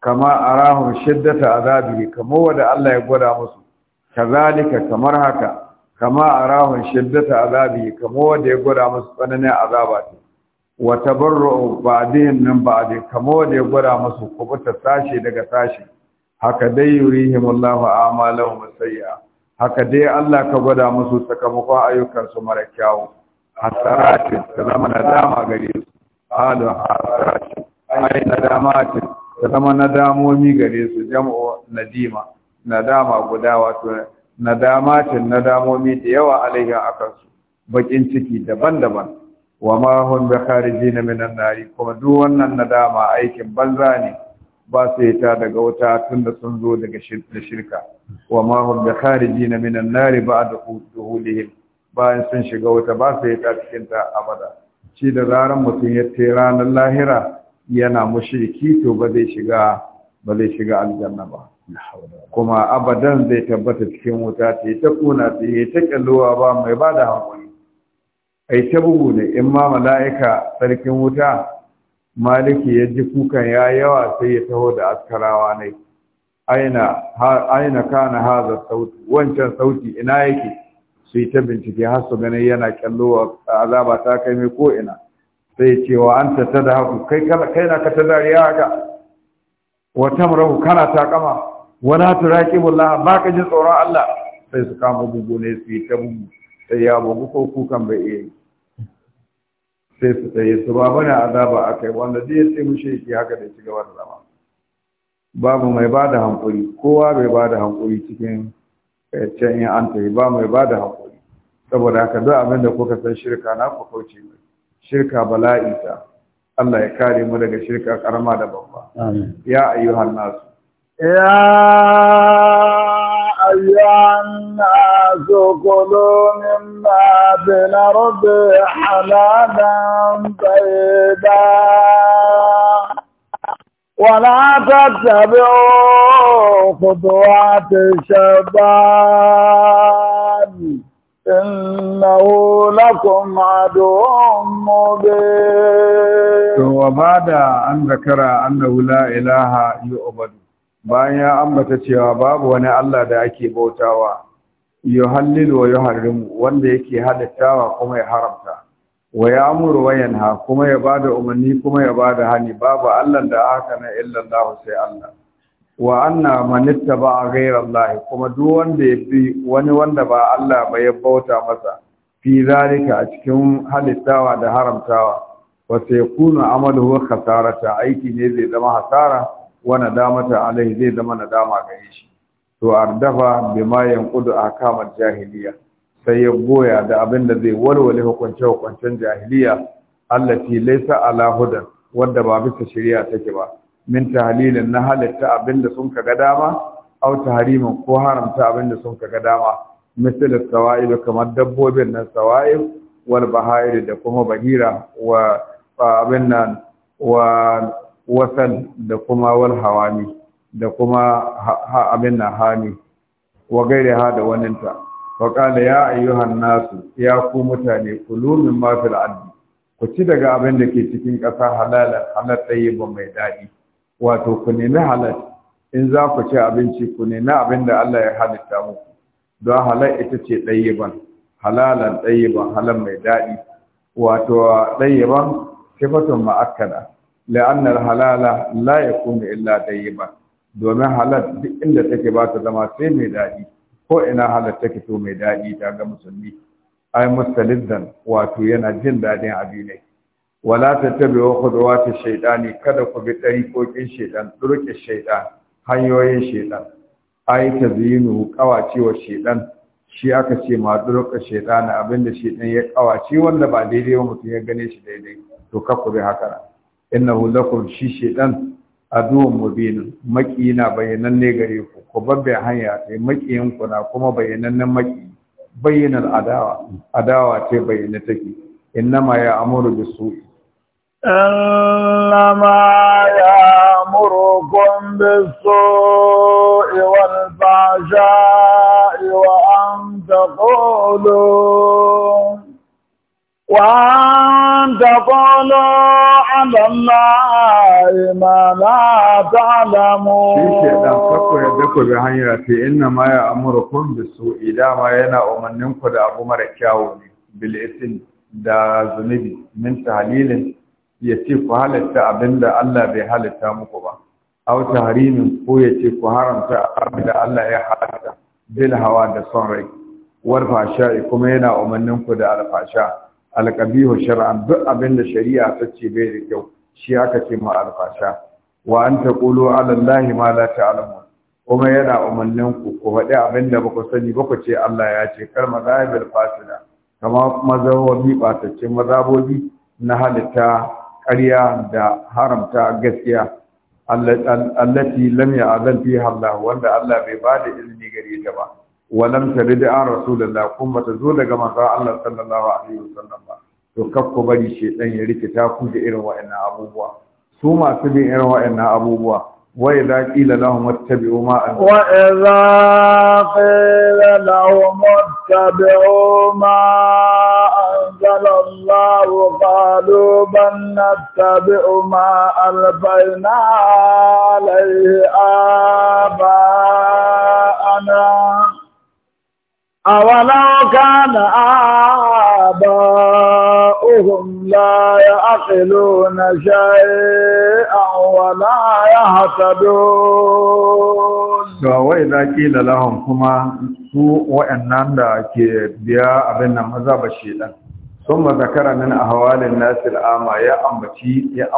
kama arahum shiddata azabi kamo wanda Allah ya gwada musu kazalika kamar haka kama arahum shiddata azabi kamo wanda ya gwada musu tsananin azaba ce. wa tabarru ba'dihim min ba'd kamo da ya gwada musu kubuta tashi daga tashi haka dai yurihim Allahu a'malahum sayya haka dai Allah ka gwada musu sakamakon ayyukan su mara kyau hasarati ta zama nadama gare su alu hasarati ai nadamati ta zama nadamomi gare su jam'u nadima nadama guda wato nadamatin nadamomi da yawa alaiha akan su bakin ciki daban-daban wa ma hum bi kharijin minan nar kuma duk wannan nadama aikin banza ne ba su yi ta daga wuta tunda sun zo daga shirka wa ma hum bi kharijin minan nar ba'da duhulihim bayan sun shiga wuta ba su yi ta cikin ta abada shi da zaran mutum ya ce ranar lahira yana mushriki to ba zai shiga ba zai shiga aljanna ba kuma abadan zai tabbata cikin wuta ta yi ta kuna ta ta kyallowa ba mai ba da hankali ai ta bugu da in ma mala'ika sarkin wuta maliki ya ji kukan ya yawa sai ya taho da askarawa ne aina aina kana haza sauti wancan sauti ina yake su yi ta bincike har su ganin yana kyallowa azaba ta kai mai ko ina sai cewa an ta ta da haku kai na ka ta dariya haka Wata tamrahu kana ta kama wa la turaqibullah ba ka ji tsoron Allah sai su kama bugu ne su yi ta bugu tsaya bugu ko kukan bai iya eh. sai su tsaye su ba mana azaba a kai wanda zai ya ce mushe yake haka da ci gaba da zama babu mai ba da hankuri kowa bai ba da hankuri cikin eh, can yin an tafi ba mai ba da hankuri saboda haka duk abin da kuka san shirka na ku mai shirka bala'i ta Allah ya kare mu daga shirka karama da babba ya ayyuhan nasu ya أيها الناس كلوا مما في الأرض حلالا طيبا ولا تتبعوا خطوات الشيطان إنه لكم عدو مبين وبعد أن ذكر أنه لا إله يعبد bayan ya ambata cewa babu wani Allah da ake bautawa yuhallilu wa yuharrimu wanda yake halittawa kuma ya haramta wa ya'muru wa yanha kuma ya bada umarni kuma ya bada hani babu Allah da aka na illa Allah sai Allah wa anna man ittaba ghayra Allah kuma duk wanda ya bi wani wanda ba Allah ba ya bauta masa fi zalika a cikin halittawa da haramtawa wa sayakunu amaluhu khasarata aiki ne zai zama hasara wa nadamata alaihi zai zama nadama gare shi to ardafa bima yanqudu ahkamat jahiliya sai ya goya da abin da zai walwale hukunce hukuncen jahiliya allati laysa ala huda wanda ba bisa shari'a take ba min tahlilin na halatta abin da sun kaga dama aw tahriman ko haramta abin da sun kaga dama misal sawa'il kamar dabbobin nan sawa'ib wal bahair da kuma bahira wa abin nan wa wasal da kuma wal hawani da kuma abin na hami wa gaire ha da waninta wa kala ya ayyuhan nasu ya ku mutane kulu min ma fil ku ci daga abin da ke cikin ƙasa halalan halal tayyiban mai daɗi wato ku nemi halal in za ku ci abinci ku nemi abin da Allah ya halitta muku don halal ita ce tayyiban halalan tayyiban halal mai daɗi wato tayyiban sifatun ma'akkada لأن halala لا يكون illa طيبا domin halal duk inda take ba ta zama sai mai daɗi ko ina halal take to mai daɗi ta ga musulmi ai mustalizzan wato yana jin daɗin abi ne wala ta khudwati shaytani kada ku bi kin shaytan durƙe shaytan hanyoyin shaytan ai kawace wa shaytan shi aka ce ma durƙe shaytan abinda shaytan ya kawace wanda ba daidai ba mutum ya gane shi daidai to kakku bi haka innahu lakum shi shaytan aduwwun mubin bayanan ne gare ku ku babbe hanya sai eh, makiyin ku na kuma nan maki bayyanar adawa adawa ce bayyana take innama ya amuru bisu innama ya amurukum bisu wal fahsha'i wa an taqulu wa تقولوا على الله ما لا تعلمون shi ke dan sako ya dako bi hanyar ce inna ma ya amurukum bisu'i dama yana umarnin ku da abu mara kyawu ne bil da zunubi min tahlilin ya ce ku halatta abinda Allah bai halatta muku ba aw tahrimin ko ya ce ku haramta da Allah ya halatta bil hawa da son rai war kuma yana umarnin ku da alfasha alƙabihu shar'an duk abin da shari'a ta ce bai da kyau shi aka ce ma alfasha wa an ta ala allahi ma la alamu. kuma yana umarnin ku ku faɗi abin da baku sani baku ce Allah ya ce kar mazhabil fasida kama mazhabobi bataccen bobi na halitta ƙarya da haramta gaskiya allati lam ya'zan fiha Allah wanda Allah bai bada izini gare ta ba wa lam tarid an rasulullah kuma ta zo daga manzon Allah sallallahu alaihi wasallam ba to kakko bari shedan ya rikita ku da irin wa'annan abubuwa su masu bin irin wa'annan abubuwa وإذا قيل لهم اتبعوا ما أنزل وإذا قيل لهم اتبعوا ما أنزل الله قالوا بل نتبع ما ألفينا عليه آباءنا أولو كان آباؤهم لا يعقلون شيئا ولا يهتدون wai za kila lahun kuma su wa'annan da ke biya abin nan maza ba shedan sun ma zakara nan a hawalin nasir ama ya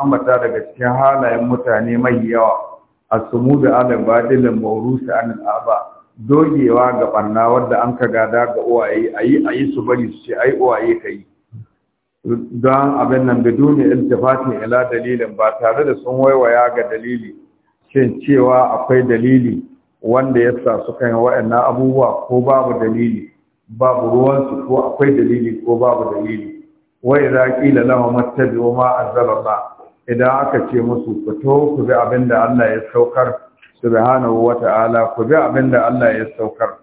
ambata daga cikin halayen mutane mai yawa a sumu da alin badilin maurusa dogewa ga barna wadda an ka gada ga uwaye ayi ayi su bari su ce ai uwaye kai don abin nan biduni iltifatin ila dalilin ba tare da sun waiwaya ga dalili shin cewa akwai dalili wanda ya sa suka yi abubuwa ko babu dalili babu ruwansu ko akwai dalili ko babu dalili wai za da lama mattabi ma anzala idan aka ce musu fito ku bi abin Allah ya saukar subhanahu wa ta'ala ku bi abin da Allah ya saukar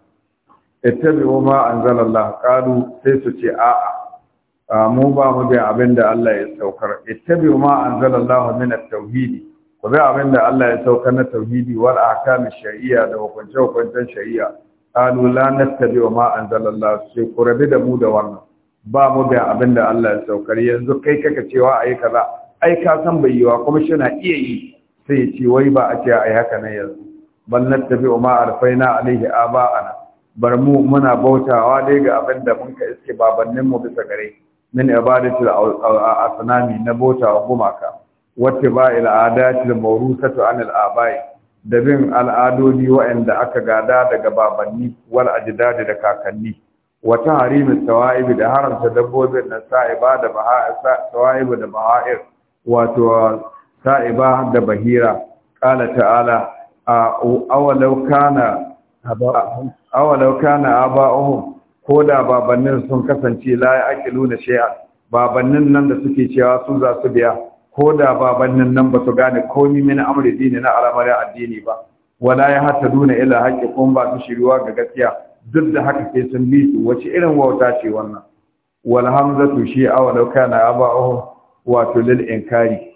ittabi'u ma anzalallah qalu sai su ce a'a mu ba mu bi abin da Allah ya saukar ittabi'u ma anzalallah min at-tauhid ku bi abin da Allah ya saukar na tauhidi wal ahkam shari'a da hukunce hukuncen shari'a qalu la nattabi'u ma anzalallah sai ku rabi da mu da wannan ba mu bi abin da Allah ya saukar yanzu kai kaka cewa ayi kaza ai ka san bai yiwa kuma shi na iya yi sai ya ce wai ba a ce a yi haka na yanzu bal nattabi ma alfaina alaihi aba'ana bar mu muna bautawa dai ga abin da mun ka iske babannin mu bisa gare min ibadatul asnami na bautawa gumaka wacce ba ila adatul mawrusatu an da bin al'adodi waɗanda aka gada daga babanni wal ajdadi da kakanni wata harimin tawaibi da haramta dabbobin na sa'iba da baha'ir wato sa'iba da bahira qala ta'ala awalau kana awalau kana ko da babannin sun kasance la nuna shay'a babannin nan da suke cewa sun za su biya ko da babannin nan ba su gane komi min amri dini na alamari addini ba wala ya hata duna ila haƙƙi kun ba su shiruwa ga gaskiya duk da haka sai sun bi su wace irin wauta ce wannan wal hamzatu shi awalau kana aba'uhum wato lil inkari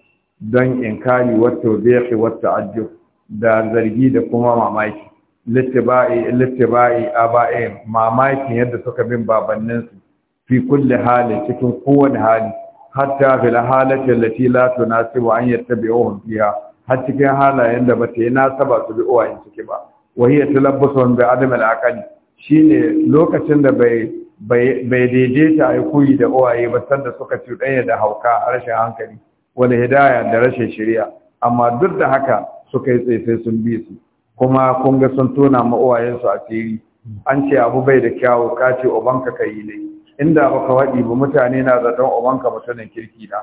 don inkari wato zai wata ajiyo da zargi da kuma mamaki littiba'i aba'in mamakin yadda suka bin babanninsu fi kulle hali cikin kowane hali hatta la halati lati la tunasibu an yattabi'uhum fiya. har cikin halayen da ba bata yi nasaba su bi uwayen ciki ba wa hiya talabbusun bi adam al Shi shine lokacin da bai bai daidaita ai kuyi da uwaye ba sanda suka ci ɗaya da hauka a harshen hankali Wani hidaya da rashin shirya amma duk da haka suka yi tsaye sun bi su kuma kun ga sun tona ma'uwayensu a asiri an ce abu bai da kyawu ka ce ubanka ka yi ne inda baka waɗi ba mutane na zaton obanka mutanen kirki na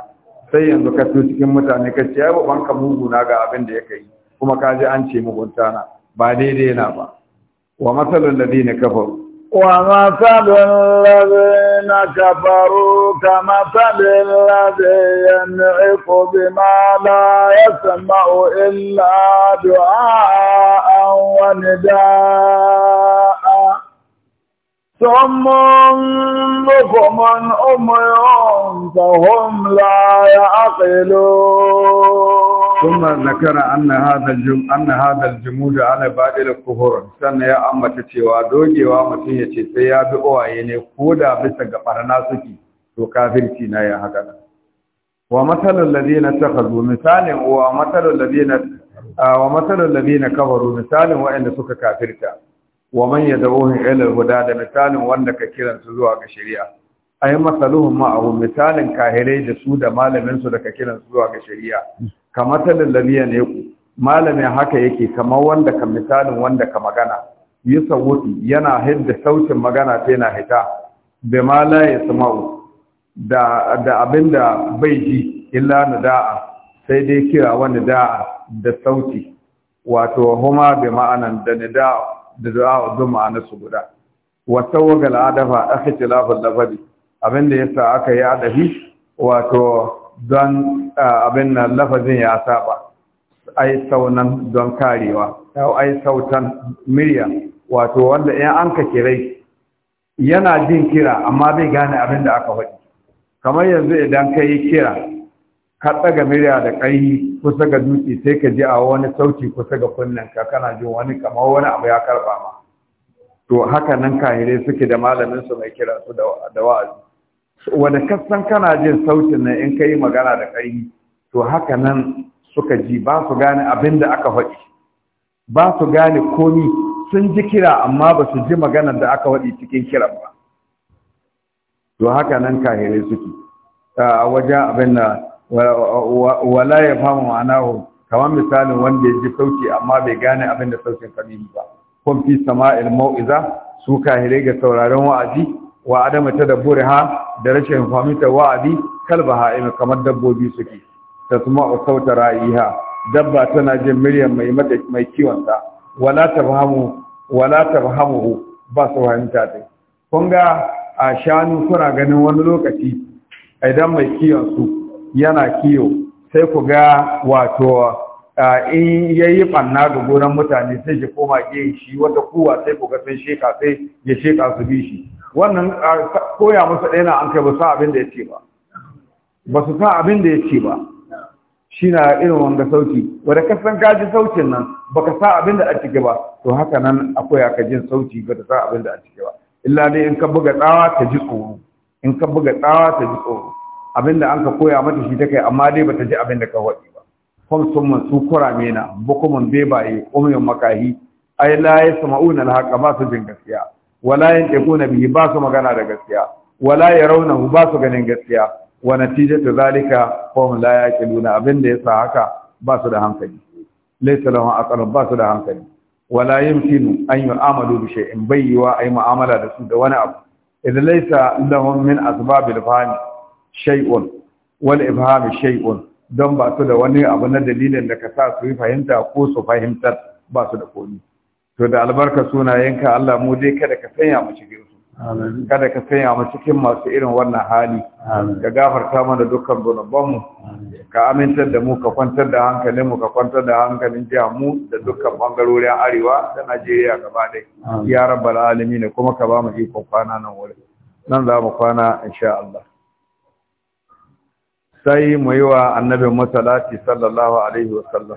sai yanzu ka so cikin mutane ka ce ai mugu muguna ga abin da ya kai kuma ka ji an ce mugunta na ba daidai na ba wa matsalar da dina kafaru ومثل الذين كفروا كمثل الذي ينعق بما لا يسمع إلا دعاء ونداء ثم بكم أمي فهم لا يعقلون ثم ذكر ان هذا الجم ان هذا الجمود على بادل الكفر سنة يا امه أما دوجيوا متي ومتين سي يا بقوا ني كودا بيس غبرنا سكي تو كافرتي نا يا هكذا ومثل الذين اتخذوا مثالا ومثل الذين ومثل الذين كفروا مثالا وان سك كافرتا ومن يدعوه الى الهدى مثالا وان كيرن سزوا كشريعه ai masaluhum ma'ahu misalin kahirai da su da malamin su daga kiran zuwa ga shari'a kamar talal labiya ne malamin haka yake kamar wanda ka misalin wanda ka magana yi sauti yana hidda sautin magana sai na hita bai ma ya sama'u da da abinda bai ji illa nada'a sai dai kira wani da'a da sauti wato huma bi ma'anan da nida da du'a da ma'ana su guda wa adafa a akhtilafun lafazi abin da ya sa aka yi adafi wato don abin na lafazin ya saba ai saunan don karewa ai sautan murya wato wanda in an ka kirai yana jin kira amma bai gane abin da aka faɗi kamar yanzu idan ka yi kira ka ɗaga miriya da ƙarfi kusa ga dutse sai ka ji a wani sauti kusa ga kunnen. ka kana jin wani kamar wani abu ya karɓa ma to haka nan kahirai suke da malamin su mai kira su da wa'azi Wani kasan kana jin sautin nan in ka yi magana da ƙarfi to haka nan suka ji ba su gane abin da aka faɗi ba su gane komi sun ji kira amma ba su ji maganar da aka faɗi cikin kiran ba to haka nan kahirai suke a wajen abin da wala ya fama ma'anahu kamar misalin wanda ya ji sauti amma bai gane abin da sautin kalimi ba kun fi sama'il mau'iza su hire ga sauraron wa'azi wa adama ha da rashin fahimtar wa'azi kalba ina kamar dabbobi suke kuma sauta ra'iha dabba tana jin muryar mai mai kiwon ta wala tafhamu wala tafhamuhu ba su fahimta ta kun ga a shanu kuna ganin wani lokaci idan mai kiwon su yana kiyo sai ku ga wato in ya yi ɓanna ga gonan mutane sai shi koma ke shi wata kuwa sai ku ga sai sheka sai ya sheka su bi shi wannan koya musu ɗaya na an kai ba sa abin da ya ce ba ba su sa abin da ya ce ba shi na irin wanga sauti wadda ka san kaji sautin nan ba ka sa abin da a cike ba to haka nan akwai ka jin sauti ba ta sa abin da a cike ba illa dai in ka buga tsawa ta ji tsoro in ka buga tsawa ta ji tsoro abin da an ka koya mata shi ta kai amma dai ba ta ji abin da ka waɗi ba kwamsun su kurame na bukumin bebaye umyan makahi ai la ya na alhaqa ba su jin gaskiya wala yantiquna bihi ba su magana da gaskiya wala yarawnahu ba su ganin gaskiya wa natijatu zalika qawm la yaqiluna abinda yasa haka ba su da hankali laysa lahum aqal ba su da hankali wala yumkinu an yu'amalu bi shay'in bayyiwa ay mu'amala da su da wani abu idan laysa lahum min asbabil fahmi shay'un wal ifhami shay'un don ba su da wani abu na dalilin da ka sa su yi fahimta ko su fahimtar ba su da komi to da albarka sunayenka Allah mu dai kada ka sanya mu cikin su kada ka sanya mu cikin masu irin wannan hali ka gafarta mana dukkan mu ka amintar da mu ka kwantar da hankalin mu ka kwantar da hankalin jiya mu da dukkan bangarorin arewa da Najeriya gaba dai. ya rabbal alamin kuma ka ba mu ikon kwana nan wurin nan za mu kwana insha Allah sai mu yi wa annabin masalati sallallahu alaihi wasallam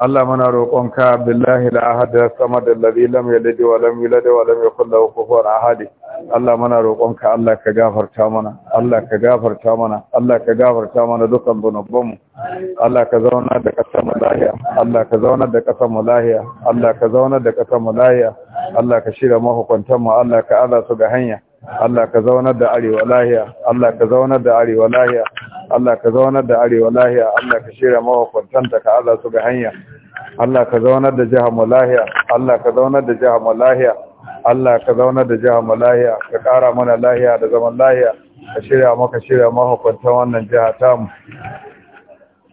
Allah mana roƙonka billahi la ahad samad alladhi lam yalid wa lam yulad wa lam yakul lahu kufuwan ahad Allah mana roƙonka Allah ka gafarta mana Allah ka gafarta mana Allah ka gafarta mana dukkan zunubanmu Allah ka zauna da ƙasar mu lahiya Allah ka zauna da ƙasar mu lahiya Allah ka zauna da ƙasar mu lahiya Allah ka shirya mahukuntan mu Allah ka ala su ga hanya Allah ka zaunar da arewa lahiya Allah ka zaunar da arewa lahiya Allah ka zaunar da arewa lahiya Allah ka shirya mahukuntanta ka ala su ga hanya Allah ka zaunar da jiha mu lahiya Allah ka zaunar da jiha mu lahiya Allah ka zaunar da jiha mu lahiya ka ƙara mana lahiya da zaman lahiya ka shirya maka shirya mahukuntan wannan jiha mu.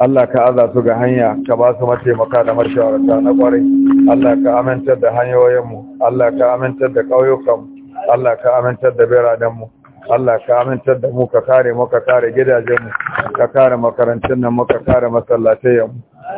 Allah ka aza su ga hanya ka ba su mataimaka da mashawarta na kwarai Allah ka amintar da hanyoyinmu Allah ka amintar da ƙauyukanmu Allah ka amintar da mu Allah ka amintar da mu ka kare mu ka kare gidajenmu ka kare makarantun nan mu ka kare mu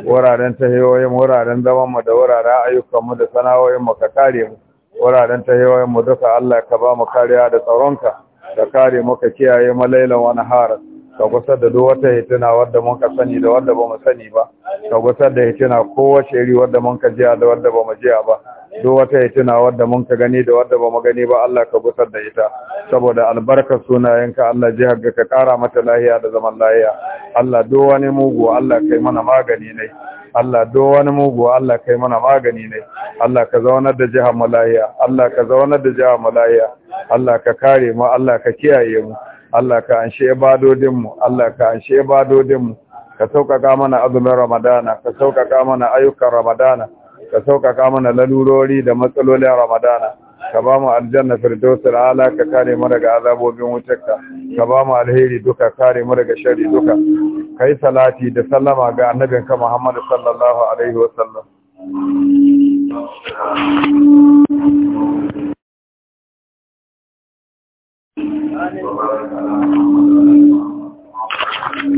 wuraren tahiyoyin wuraren zaman mu da wuraren ayyukan mu da sana'o'in mu ka kare mu wuraren tahiyoyin mu duka Allah ka ba mu kariya da tsaronka ka kare mu ka kiyaye mu lailan wa nahara ka gusa da duk wata hitina wadda mun ka sani da wadda ba mu sani ba ka gusa da hitina kowace iri wadda mun ka jiya da wadda ba mu jiya ba duk wata tuna, wadda mun ka gani da wadda mu gani ba Allah ka gusar da ita saboda albarkar sunayenka Allah jihar ga ka kara mata lahiya da zaman lahiya Allah duk wani mugu Allah kai mana magani ne Allah do wani mugu Allah kai mana magani ne Allah ka zaunar da jihar malaya Allah ka zaunar da jihar malaya Allah ka kare mu Allah ka kiyaye mu Allah ka anshe ibadodin mu Allah ka anshe ibadodin mu ka sauƙaƙa mana azumin Ramadana ka sauƙaƙa mana ayyukan Ramadana ka sauƙaƙa mana lalurori da matsalolin ramadana ka ba mu aljanna firdausul ala ka kare mu daga azabobin wutarka ka ba mu alheri duka kare mu daga sharri duka kai salati da sallama ga annabinka Muhammad sallallahu alaihi wasallam Thank you.